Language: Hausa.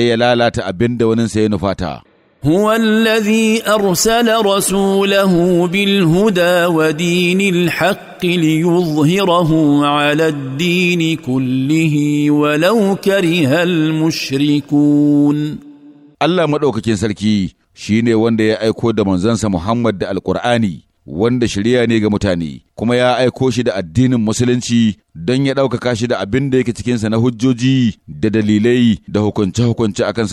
ya lalata abin da wani sai هو الذي أرسل رسوله بالهدى ودين الحق ليظهره على الدين كله ولو كره المشركون الله مدوك كين سلكي شيني وانده يأيكو دمان زنس محمد القرآني wanda shirya ne ga mutane, kuma ya aiko shi da addinin Musulunci don ya ɗaukaka shi da abin da yake cikinsa na hujjoji da dalilai da hukunce-hukunce a akan